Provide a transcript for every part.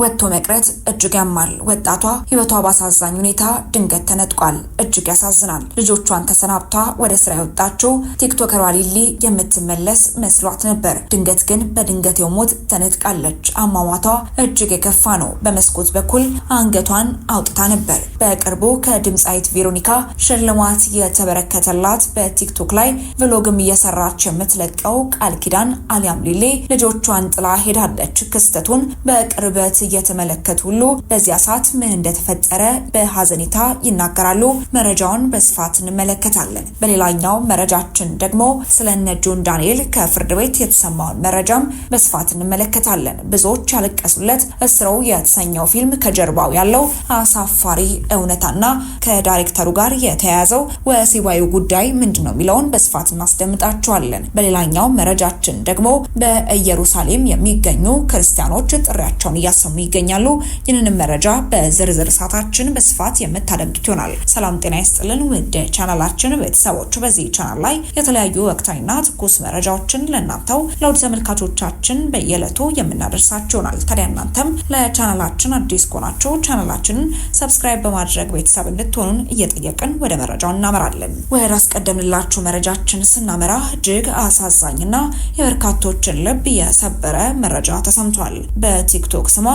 ወጥቶ መቅረት እጅግ ያማል። ወጣቷ ህይወቷ ባሳዛኝ ሁኔታ ድንገት ተነጥቋል። እጅግ ያሳዝናል። ልጆቿን ተሰናብቷ ወደ ስራ የወጣችው ቲክቶከሯ ሊሊ የምትመለስ መስሏት ነበር። ድንገት ግን በድንገቴው ሞት ተነጥቃለች። አሟሟቷ እጅግ የከፋ ነው። በመስኮት በኩል አንገቷን አውጥታ ነበር። በቅርቡ ከድምፃዊት ቬሮኒካ ሽልማት የተበረከተላት በቲክቶክ ላይ ቭሎግም እየሰራች የምትለቀው ቃል ኪዳን አሊያም ሊሌ ልጆቿን ጥላ ሄዳለች። ክስተቱን በቅርበት እየተመለከቱ ሁሉ በዚያ ሰዓት ምን እንደተፈጠረ በሀዘኔታ ይናገራሉ። መረጃውን በስፋት እንመለከታለን። በሌላኛው መረጃችን ደግሞ ስለ እነ ጆን ዳንኤል ከፍርድ ቤት የተሰማውን መረጃም በስፋት እንመለከታለን። ብዙዎች ያለቀሱለት እስረው የተሰኘው ፊልም ከጀርባው ያለው አሳፋሪ እውነታና ከዳይሬክተሩ ጋር የተያያዘው ወሲባዊ ጉዳይ ምንድን ነው የሚለውን በስፋት እናስደምጣቸዋለን። በሌላኛው መረጃችን ደግሞ በኢየሩሳሌም የሚገኙ ክርስቲያኖች ጥሪያቸውን እያሰሙ እየፈጸሙ ይገኛሉ። ይህንንም መረጃ በዝርዝር ሰዓታችን በስፋት የምታደምጡት ይሆናል። ሰላም ጤና ይስጥልን ውድ ቻናላችን ቤተሰቦች፣ በዚህ ቻናል ላይ የተለያዩ ወቅታዊና ትኩስ መረጃዎችን ለእናንተው ለውድ ተመልካቾቻችን በየዕለቱ የምናደርሳችሁ ይሆናል። ታዲያ እናንተም ለቻናላችን አዲስ ከሆናችሁ ቻናላችንን ሰብስክራይብ በማድረግ ቤተሰብ እንድትሆኑን እየጠየቅን ወደ መረጃው እናመራለን። ወደ አስቀደምንላችሁ መረጃችን ስናመራ እጅግ አሳዛኝና የበርካቶችን ልብ የሰበረ መረጃ ተሰምቷል። በቲክቶክ ስሟ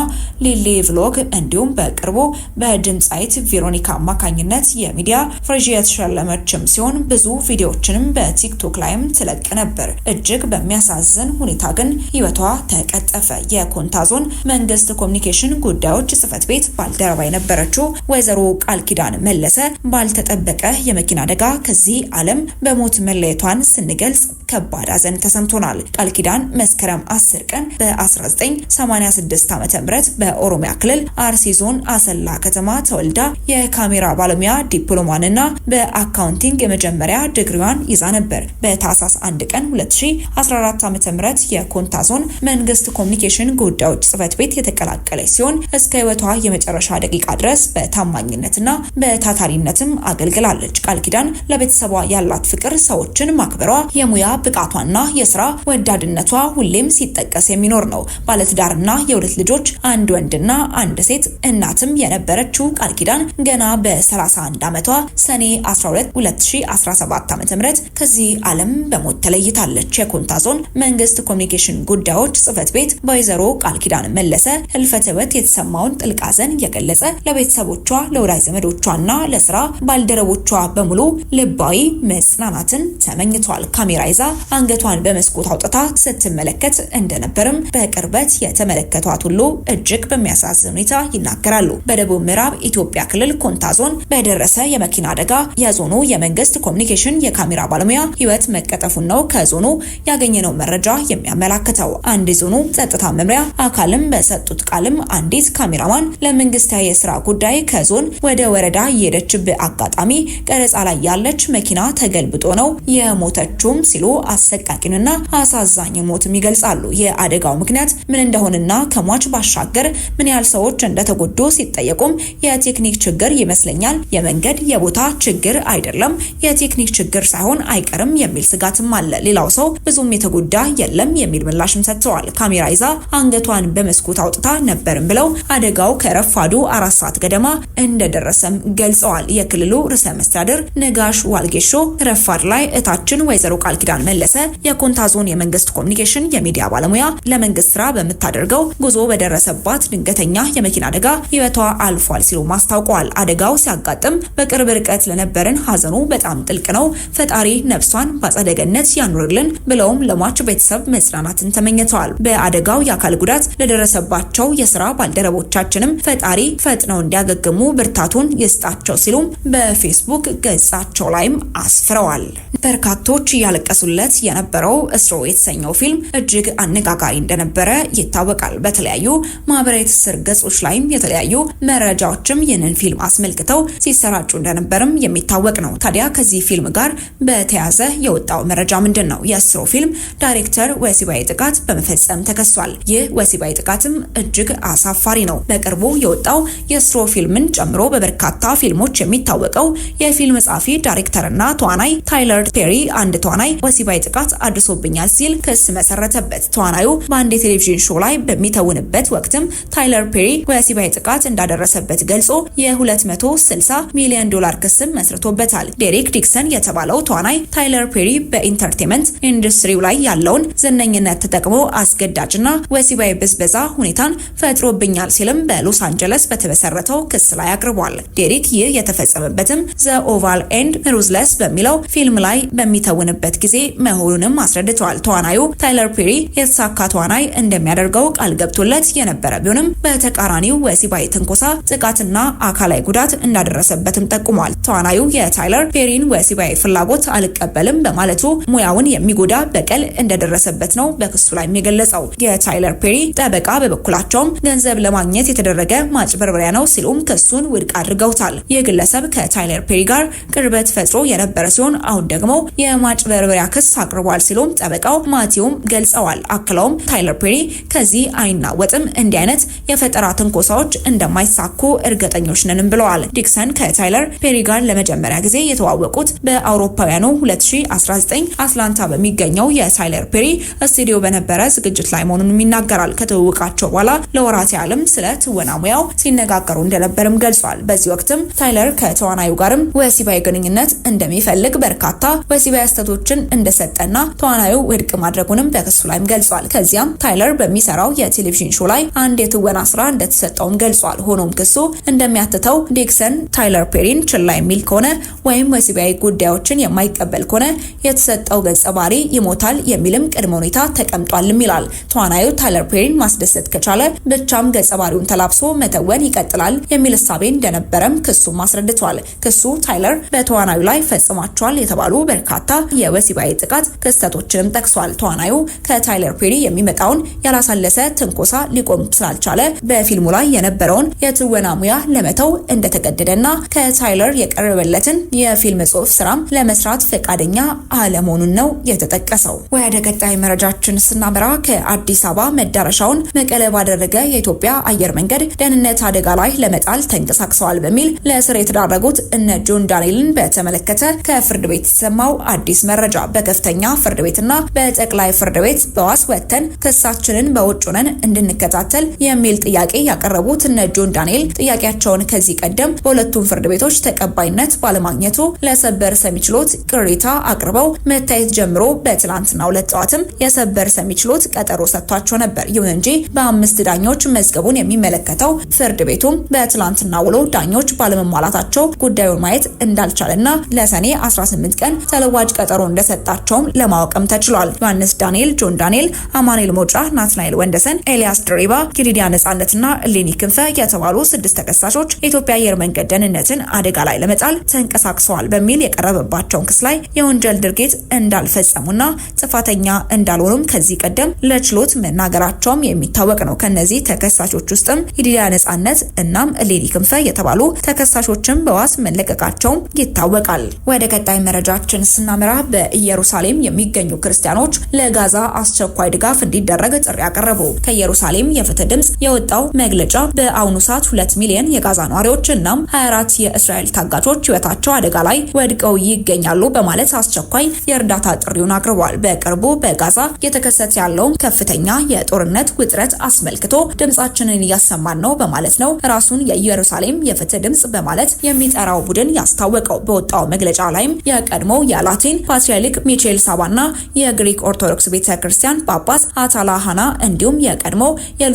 ሊሊ ቭሎግ እንዲሁም በቅርቡ በድምፃዊት ቬሮኒካ አማካኝነት የሚዲያ ፍሬዥ የተሸለመችም ሲሆን ብዙ ቪዲዮዎችንም በቲክቶክ ላይም ትለቅ ነበር። እጅግ በሚያሳዝን ሁኔታ ግን ህይወቷ ተቀጠፈ። የኮንታ ዞን መንግስት ኮሚኒኬሽን ጉዳዮች ጽህፈት ቤት ባልደረባ የነበረችው ወይዘሮ ቃል ኪዳን መለሰ ባልተጠበቀ የመኪና አደጋ ከዚህ ዓለም በሞት መለየቷን ስንገልጽ ከባድ ሐዘን ተሰምቶናል። ቃል ኪዳን መስከረም 10 ቀን በ1986 ዓ.ም በኦሮሚያ ክልል አርሲ ዞን አሰላ ከተማ ተወልዳ የካሜራ ባለሙያ ዲፕሎማንና በአካውንቲንግ የመጀመሪያ ድግሪዋን ይዛ ነበር። በታህሳስ 1 ቀን 2014 ዓ.ም የኮንታ ዞን መንግስት ኮሚኒኬሽን ጉዳዮች ጽህፈት ቤት የተቀላቀለች ሲሆን እስከ ህይወቷ የመጨረሻ ደቂቃ ድረስ በታማኝነትና በታታሪነትም አገልግላለች። ቃል ኪዳን ለቤተሰቧ ያላት ፍቅር፣ ሰዎችን ማክበሯ፣ የሙያ ብቃቷና የስራ ወዳድነቷ ሁሌም ሲጠቀስ የሚኖር ነው። ባለትዳርና የሁለት ልጆች አንድ ወንድና አንድ ሴት እናትም የነበረችው ቃል ኪዳን ገና በ31 ዓመቷ ሰኔ 12 2017 ዓ.ም ከዚህ ዓለም በሞት ተለይታለች። የኮንታ ዞን መንግስት ኮሚኒኬሽን ጉዳዮች ጽህፈት ቤት በወይዘሮ ቃል ኪዳን መለሰ ህልፈተ ህይወት የተሰማውን ጥልቅ ሐዘን የገለጸ ለቤተሰቦቿ፣ ለወዳጅ ዘመዶቿና ለስራ ባልደረቦቿ በሙሉ ልባዊ መጽናናትን ተመኝቷል። ካሜራ ይዛ አንገቷን በመስኮት አውጥታ ስትመለከት እንደነበርም በቅርበት የተመለከቷት ሁሉ እጅግ በሚያሳዝን ሁኔታ ይናገራሉ። በደቡብ ምዕራብ ኢትዮጵያ ክልል ኮንታ ዞን በደረሰ የመኪና አደጋ የዞኑ የመንግስት ኮሚኒኬሽን የካሜራ ባለሙያ ህይወት መቀጠፉን ነው ከዞኑ ያገኘነው መረጃ የሚያመላክተው። አንድ የዞኑ ጸጥታ መምሪያ አካልም በሰጡት ቃልም አንዲት ካሜራማን ለመንግስታዊ የስራ ጉዳይ ከዞን ወደ ወረዳ እየሄደች በአጋጣሚ ቀረጻ ላይ ያለች መኪና ተገልብጦ ነው የሞተችውም ሲሉ አሰቃቂንና አሳዛኝ ሞትም ይገልጻሉ። የአደጋው ምክንያት ምን እንደሆነና ከሟች ባሻ ሲናገር ምን ያህል ሰዎች እንደተጎዱ ሲጠየቁም የቴክኒክ ችግር ይመስለኛል፣ የመንገድ የቦታ ችግር አይደለም፣ የቴክኒክ ችግር ሳይሆን አይቀርም የሚል ስጋትም አለ። ሌላው ሰው ብዙም የተጎዳ የለም የሚል ምላሽም ሰጥተዋል። ካሜራ ይዛ አንገቷን በመስኮት አውጥታ ነበርም ብለው አደጋው ከረፋዱ አራት ሰዓት ገደማ እንደደረሰም ገልጸዋል። የክልሉ ርዕሰ መስተዳድር ነጋሽ ዋልጌሾ ረፋድ ላይ እታችን ወይዘሮ ቃል ኪዳን መለሰ የኮንታ ዞን የመንግስት ኮሚኒኬሽን የሚዲያ ባለሙያ ለመንግስት ስራ በምታደርገው ጉዞ በደረሰ በደረሰባት ድንገተኛ የመኪና አደጋ ህይወቷ አልፏል ሲሉም አስታውቀዋል። አደጋው ሲያጋጥም በቅርብ ርቀት ለነበረን ሀዘኑ በጣም ጥልቅ ነው። ፈጣሪ ነፍሷን በአጸደ ገነት ያኑርልን ብለውም ለሟች ቤተሰብ መጽናናትን ተመኝተዋል። በአደጋው የአካል ጉዳት ለደረሰባቸው የስራ ባልደረቦቻችንም ፈጣሪ ፈጥነው እንዲያገግሙ ብርታቱን ይስጣቸው ሲሉም በፌስቡክ ገጻቸው ላይም አስፍረዋል። በርካቶች እያለቀሱለት የነበረው እስሮ የተሰኘው ፊልም እጅግ አነጋጋሪ እንደነበረ ይታወቃል። በተለያዩ ማህበራዊ ትስስር ገጾች ላይም የተለያዩ መረጃዎችም ይህንን ፊልም አስመልክተው ሲሰራጩ እንደነበርም የሚታወቅ ነው። ታዲያ ከዚህ ፊልም ጋር በተያያዘ የወጣው መረጃ ምንድን ነው? የስሮ ፊልም ዳይሬክተር ወሲባዊ ጥቃት በመፈጸም ተከሷል። ይህ ወሲባዊ ጥቃትም እጅግ አሳፋሪ ነው። በቅርቡ የወጣው የስሮ ፊልምን ጨምሮ በበርካታ ፊልሞች የሚታወቀው የፊልም ጸሐፊ ዳይሬክተርና ተዋናይ ታይለር ፔሪ አንድ ተዋናይ ወሲባዊ ጥቃት አድርሶብኛል ሲል ክስ መሰረተበት። ተዋናዩ በአንድ የቴሌቪዥን ሾው ላይ በሚተውንበት ወቅት ወቅትም ታይለር ፔሪ ወሲባዊ ጥቃት እንዳደረሰበት ገልጾ የ260 ሚሊዮን ዶላር ክስም መስርቶበታል። ዴሪክ ዲክሰን የተባለው ተዋናይ ታይለር ፔሪ በኢንተርቴንመንት ኢንዱስትሪው ላይ ያለውን ዝነኝነት ተጠቅሞ አስገዳጅና ወሲባዊ ብዝበዛ ሁኔታን ፈጥሮብኛል ሲልም በሎስ አንጀለስ በተመሰረተው ክስ ላይ አቅርቧል። ዴሪክ ይህ የተፈጸመበትም ዘ ኦቫል ኤንድ ሩዝለስ በሚለው ፊልም ላይ በሚተውንበት ጊዜ መሆኑንም አስረድተዋል። ተዋናዩ ታይለር ፔሪ የተሳካ ተዋናይ እንደሚያደርገው ቃል ገብቶለት የነበ የነበረ ቢሆንም በተቃራኒው ወሲባዊ ትንኮሳ፣ ጥቃትና አካላዊ ጉዳት እንዳደረሰበትም ጠቁሟል። ተዋናዩ የታይለር ፔሪን ወሲባዊ ፍላጎት አልቀበልም በማለቱ ሙያውን የሚጎዳ በቀል እንደደረሰበት ነው በክሱ ላይ የገለጸው። የታይለር ፔሪ ጠበቃ በበኩላቸውም ገንዘብ ለማግኘት የተደረገ ማጭበርበሪያ ነው ሲሉም ክሱን ውድቅ አድርገውታል። ይህ ግለሰብ ከታይለር ፔሪ ጋር ቅርበት ፈጥሮ የነበረ ሲሆን አሁን ደግሞ የማጭበርበሪያ ክስ አቅርቧል ሲሉም ጠበቃው ማቴውም ገልጸዋል። አክለውም ታይለር ፔሪ ከዚህ አይናወጥም እንዲህ አይነት የፈጠራ ትንኮሳዎች እንደማይሳኩ እርግጠኞች ነንም ብለዋል። ዲክሰን ከታይለር ፔሪ ጋር ለመጀመሪያ ጊዜ የተዋወቁት በአውሮፓውያኑ 2019 አትላንታ በሚገኘው የታይለር ፔሪ ስቱዲዮ በነበረ ዝግጅት ላይ መሆኑንም ይናገራል። ከተዋወቃቸው በኋላ ለወራት ያህልም ስለ ትወና ሙያው ሲነጋገሩ እንደነበርም ገልጿል። በዚህ ወቅትም ታይለር ከተዋናዩ ጋርም ወሲባዊ ግንኙነት እንደሚፈልግ በርካታ ወሲባዊ አስተቶችን እንደሰጠና ተዋናዩ ውድቅ ማድረጉንም በክሱ ላይም ገልጿል። ከዚያም ታይለር በሚሰራው የቴሌቪዥን ሾው ላይ አንድ የትወና ስራ እንደተሰጠውም ገልጿል። ሆኖም ክሱ እንደሚያትተው ዲክሰን ታይለር ፔሪን ችላ የሚል ከሆነ ወይም ወሲባዊ ጉዳዮችን የማይቀበል ከሆነ የተሰጠው ገጸ ባህሪ ይሞታል የሚልም ቅድመ ሁኔታ ተቀምጧልም ይላል። ተዋናዩ ታይለር ፔሪን ማስደሰት ከቻለ ብቻም ገጸ ባህሪውን ተላብሶ መተወን ይቀጥላል የሚል እሳቤ እንደነበረም ክሱም አስረድቷል። ክሱ ታይለር በተዋናዩ ላይ ፈጽሟቸዋል የተባሉ በርካታ የወሲባዊ ጥቃት ክስተቶችንም ጠቅሷል። ተዋናዩ ከታይለር ፔሪ የሚመጣውን ያላሳለሰ ትንኮሳ ሊቆም ስላልቻለ በፊልሙ ላይ የነበረውን የትወና ሙያ ለመተው እንደተገደደና ከታይለር የቀረበለትን የፊልም ጽሑፍ ስራም ለመስራት ፈቃደኛ አለመሆኑን ነው የተጠቀሰው። ወደ ቀጣይ መረጃችን ስናመራ ከአዲስ አበባ መዳረሻውን መቀለ ባደረገ የኢትዮጵያ አየር መንገድ ደህንነት አደጋ ላይ ለመጣል ተንቀሳቅሰዋል በሚል ለእስር የተዳረጉት እነ ጆን ዳንኤልን በተመለከተ ከፍርድ ቤት የተሰማው አዲስ መረጃ በከፍተኛ ፍርድ ቤትና በጠቅላይ ፍርድ ቤት በዋስ ወጥተን ክሳችንን በውጭ ሆነን እንድንከታተል ይከሰል የሚል ጥያቄ ያቀረቡት እነ ጆን ዳንኤል ጥያቄያቸውን ከዚህ ቀደም በሁለቱም ፍርድ ቤቶች ተቀባይነት ባለማግኘቱ ለሰበር ሰሚ ችሎት ቅሬታ አቅርበው መታየት ጀምሮ በትላንትና ሁለት ጠዋትም የሰበር ሰሚ ችሎት ቀጠሮ ሰጥቷቸው ነበር። ይሁን እንጂ በአምስት ዳኞች መዝገቡን የሚመለከተው ፍርድ ቤቱም በትላንትና ውሎ ዳኞች ባለመሟላታቸው ጉዳዩን ማየት እንዳልቻለና ለሰኔ 18 ቀን ተለዋጭ ቀጠሮ እንደሰጣቸውም ለማወቅም ተችሏል። ዮሐንስ ዳንኤል፣ ጆን ዳንኤል፣ አማኑኤል ሞጫ፣ ናትናኤል ወንደሰን፣ ኤልያስ ድሪባ፣ ኬኔዲ ነጻነትና ሌኒ ክንፈ የተባሉ ስድስት ተከሳሾች የኢትዮጵያ አየር መንገድ ደህንነትን አደጋ ላይ ለመጣል ተንቀሳቅሰዋል በሚል የቀረበባቸውን ክስ ላይ የወንጀል ድርጊት እንዳልፈጸሙና ጥፋተኛ እንዳልሆኑም ከዚህ ቀደም ለችሎት መናገራቸውም የሚታወቅ ነው። ከነዚህ ተከሳሾች ውስጥም የዲዳ ነጻነት እናም ሌኒ ክንፈ የተባሉ ተከሳሾችም በዋስ መለቀቃቸውም ይታወቃል። ወደ ቀጣይ መረጃችን ስናመራ በኢየሩሳሌም የሚገኙ ክርስቲያኖች ለጋዛ አስቸኳይ ድጋፍ እንዲደረግ ጥሪ አቀረቡ። ከኢየሩሳሌም የፍትህ ድምጽ የወጣው መግለጫ በአሁኑ ሰዓት ሁለት ሚሊዮን የጋዛ ነዋሪዎች እናም 24 የእስራኤል ታጋቾች ህይወታቸው አደጋ ላይ ወድቀው ይገኛሉ በማለት አስቸኳይ የእርዳታ ጥሪውን አቅርቧል። በቅርቡ በጋዛ እየተከሰተ ያለውን ከፍተኛ የጦርነት ውጥረት አስመልክቶ ድምጻችንን እያሰማን ነው በማለት ነው ራሱን የኢየሩሳሌም የፍትህ ድምጽ በማለት የሚጠራው ቡድን ያስታወቀው። በወጣው መግለጫ ላይም የቀድሞ የላቲን ፓትርያርክ ሚቼል ሳባና የግሪክ ኦርቶዶክስ ቤተክርስቲያን ክርስቲያን ጳጳስ አታላ ሃና እንዲሁም የቀድሞ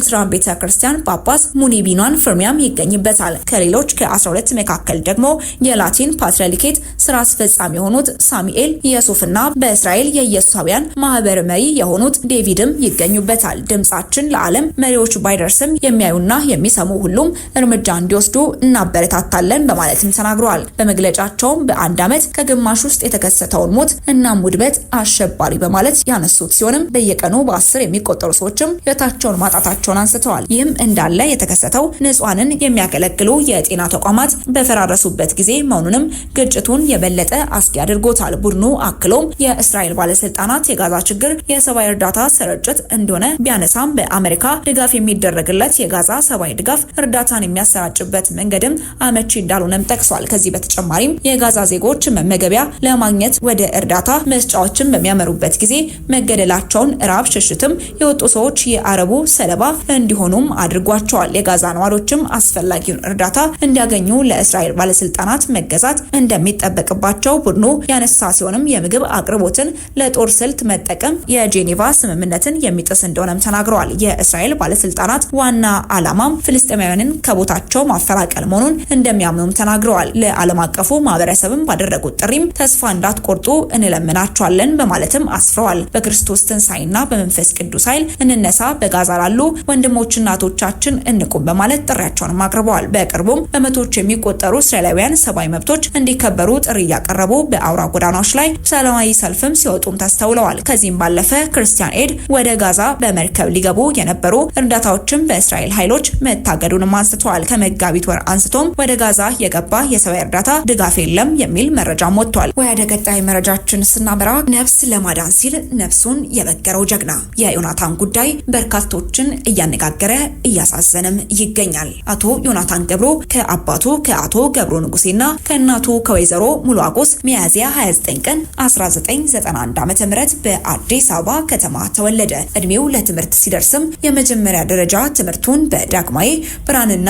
የሉትራን ቤተ ክርስቲያን ጳጳስ ሙኒቢኗን ፍርሚያም ይገኝበታል። ከሌሎች ከ12 መካከል ደግሞ የላቲን ፓትርያርኬት ስራ አስፈጻሚ የሆኑት ሳሙኤል የሱፍና በእስራኤል የኢየሱሳውያን ማህበር መሪ የሆኑት ዴቪድም ይገኙበታል። ድምጻችን ለዓለም መሪዎች ባይደርስም የሚያዩና የሚሰሙ ሁሉም እርምጃ እንዲወስዱ እናበረታታለን በማለትም ተናግረዋል። በመግለጫቸውም በአንድ ዓመት ከግማሽ ውስጥ የተከሰተውን ሞት እና ውድመት አሸባሪ በማለት ያነሱት ሲሆንም በየቀኑ በአስር የሚቆጠሩ ሰዎችም ህይወታቸውን ማጣታቸው መሆናቸውን አንስተዋል። ይህም እንዳለ የተከሰተው ንጹሃንን የሚያገለግሉ የጤና ተቋማት በፈራረሱበት ጊዜ መሆኑንም ግጭቱን የበለጠ አስጊ አድርጎታል። ቡድኑ አክሎም የእስራኤል ባለስልጣናት የጋዛ ችግር የሰብአዊ እርዳታ ስርጭት እንደሆነ ቢያነሳም በአሜሪካ ድጋፍ የሚደረግለት የጋዛ ሰብአዊ ድጋፍ እርዳታን የሚያሰራጭበት መንገድም አመቺ እንዳልሆነም ጠቅሷል። ከዚህ በተጨማሪም የጋዛ ዜጎች መመገቢያ ለማግኘት ወደ እርዳታ መስጫዎችን በሚያመሩበት ጊዜ መገደላቸውን ራብ ሽሽትም የወጡ ሰዎች የአረቡ ሰለባ እንዲሆኑም አድርጓቸዋል። የጋዛ ነዋሪዎችም አስፈላጊውን እርዳታ እንዲያገኙ ለእስራኤል ባለስልጣናት መገዛት እንደሚጠበቅባቸው ቡድኑ ያነሳ ሲሆንም የምግብ አቅርቦትን ለጦር ስልት መጠቀም የጄኔቫ ስምምነትን የሚጥስ እንደሆነም ተናግረዋል። የእስራኤል ባለስልጣናት ዋና ዓላማም ፍልስጤማውያንን ከቦታቸው ማፈናቀል መሆኑን እንደሚያምኑም ተናግረዋል። ለዓለም አቀፉ ማህበረሰብም ባደረጉት ጥሪም ተስፋ እንዳትቆርጡ እንለምናቸዋለን በማለትም አስፍረዋል። በክርስቶስ ትንሣኤና በመንፈስ ቅዱስ ኃይል እንነሳ፣ በጋዛ ላሉ ወንድሞች እናቶቻችን እንቁም በማለት ጥሪያቸውንም አቅርበዋል። በቅርቡም በመቶዎች የሚቆጠሩ እስራኤላውያን ሰብአዊ መብቶች እንዲከበሩ ጥሪ እያቀረቡ በአውራ ጎዳናዎች ላይ ሰላማዊ ሰልፍም ሲወጡም ተስተውለዋል። ከዚህም ባለፈ ክርስቲያን ኤድ ወደ ጋዛ በመርከብ ሊገቡ የነበሩ እርዳታዎችም በእስራኤል ኃይሎች መታገዱንም አንስተዋል። ከመጋቢት ወር አንስቶም ወደ ጋዛ የገባ የሰብአዊ እርዳታ ድጋፍ የለም የሚል መረጃም ወጥቷል። ወደ ቀጣይ መረጃችን ስናመራ ነፍስ ለማዳን ሲል ነፍሱን የበገረው ጀግና የዮናታን ጉዳይ በርካቶችን እያ እያነጋገረ እያሳዘነም ይገኛል። አቶ ዮናታን ገብሮ ከአባቱ ከአቶ ገብሮ ንጉሴና ከእናቱ ከወይዘሮ ሙሉ አጎስ ሚያዝያ 29 ቀን 1991 ዓ.ም በአዲስ አበባ ከተማ ተወለደ። እድሜው ለትምህርት ሲደርስም የመጀመሪያ ደረጃ ትምህርቱን በዳግማዬ፣ ብርሃንና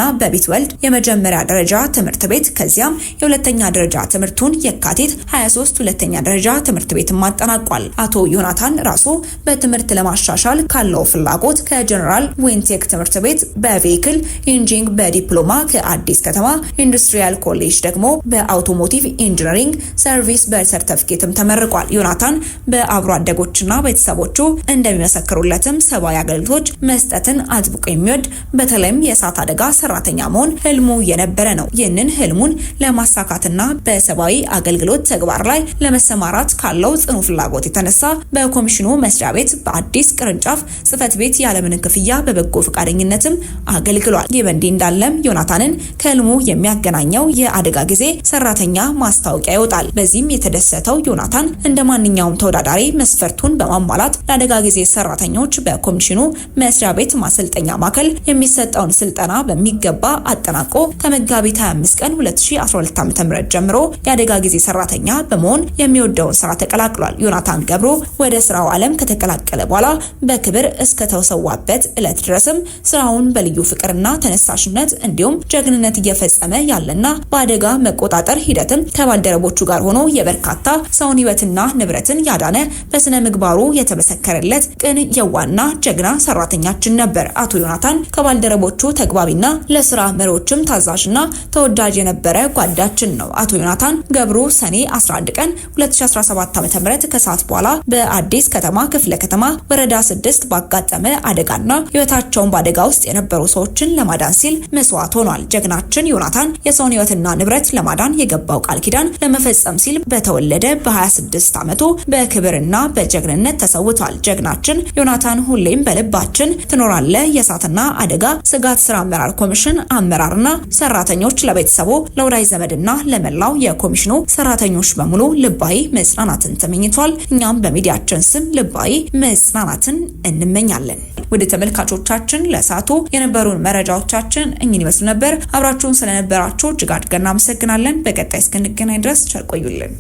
ወልድ የመጀመሪያ ደረጃ ትምህርት ቤት ከዚያም የሁለተኛ ደረጃ ትምህርቱን የካቲት 23 ሁለተኛ ደረጃ ትምህርት ቤትም አጠናቋል። አቶ ዮናታን ራሱ በትምህርት ለማሻሻል ካለው ፍላጎት ከጀነራል ዊንቴክ ትምህርት ቤት በቬክል ኢንጂንግ በዲፕሎማ ከአዲስ ከተማ ኢንዱስትሪያል ኮሌጅ ደግሞ በአውቶሞቲቭ ኢንጂነሪንግ ሰርቪስ በሰርተፍኬትም ተመርቋል። ዮናታን በአብሮ አደጎችና ቤተሰቦቹ እንደሚመሰክሩለትም ሰብአዊ አገልግሎት መስጠትን አጥብቆ የሚወድ በተለይም የእሳት አደጋ ሰራተኛ መሆን ህልሙ የነበረ ነው። ይህንን ህልሙን ለማሳካትና በሰብአዊ አገልግሎት ተግባር ላይ ለመሰማራት ካለው ጽኑ ፍላጎት የተነሳ በኮሚሽኑ መስሪያ ቤት በአዲስ ቅርንጫፍ ጽህፈት ቤት ያለምንን ክፍያ በበጎ ፈቃደኝነትም አገልግሏል። ይህ በእንዲህ እንዳለም ዮናታንን ከህልሙ የሚያገናኘው የአደጋ ጊዜ ሰራተኛ ማስታወቂያ ይወጣል። በዚህም የተደሰተው ዮናታን እንደ ማንኛውም ተወዳዳሪ መስፈርቱን በማሟላት ለአደጋ ጊዜ ሰራተኞች በኮሚሽኑ መስሪያ ቤት ማሰልጠኛ ማዕከል የሚሰጠውን ስልጠና በሚገባ አጠናቆ ከመጋቢት 25 ቀን 2012 ዓ.ም ጀምሮ የአደጋ ጊዜ ሰራተኛ በመሆን የሚወደውን ስራ ተቀላቅሏል። ዮናታን ገብሮ ወደ ስራው ዓለም ከተቀላቀለ በኋላ በክብር እስከተሰዋበት ዕለት ዕለት ድረስም ስራውን በልዩ ፍቅርና ተነሳሽነት እንዲሁም ጀግንነት እየፈጸመ ያለና በአደጋ መቆጣጠር ሂደትም ከባልደረቦቹ ጋር ሆኖ የበርካታ ሰውን ህይወትና ንብረትን ያዳነ በስነ ምግባሩ የተመሰከረለት ቅን የዋና ጀግና ሰራተኛችን ነበር። አቶ ዮናታን ከባልደረቦቹ ተግባቢና ለስራ መሪዎችም ታዛዥና ተወዳጅ የነበረ ጓዳችን ነው። አቶ ዮናታን ገብሩ ሰኔ 11 ቀን 2017 ዓ.ም ከሰዓት በኋላ በአዲስ ከተማ ክፍለ ከተማ ወረዳ 6 ባጋጠመ አደጋና ህይወታቸውን በአደጋ ውስጥ የነበሩ ሰዎችን ለማዳን ሲል መስዋዕት ሆኗል። ጀግናችን ዮናታን የሰውን ህይወትና ንብረት ለማዳን የገባው ቃል ኪዳን ለመፈጸም ሲል በተወለደ በ26 ዓመቱ በክብርና በጀግንነት ተሰውቷል። ጀግናችን ዮናታን ሁሌም በልባችን ትኖራለ የእሳትና አደጋ ስጋት ስራ አመራር ኮሚሽን አመራርና ሰራተኞች ለቤተሰቡ ለወዳጅ ዘመድና ለመላው የኮሚሽኑ ሰራተኞች በሙሉ ልባዊ መጽናናትን ተመኝቷል። እኛም በሚዲያችን ስም ልባዊ መጽናናትን እንመኛለን። ወደ ተመልካቾ ተመልካቾቻችን ለሳቶ የነበሩን መረጃዎቻችን እኚህን ይመስሉ ነበር። አብራችሁን ስለነበራችሁ እጅግ አድርገን እናመሰግናለን። በቀጣይ እስክንገናኝ ድረስ ቸር ቆዩልን።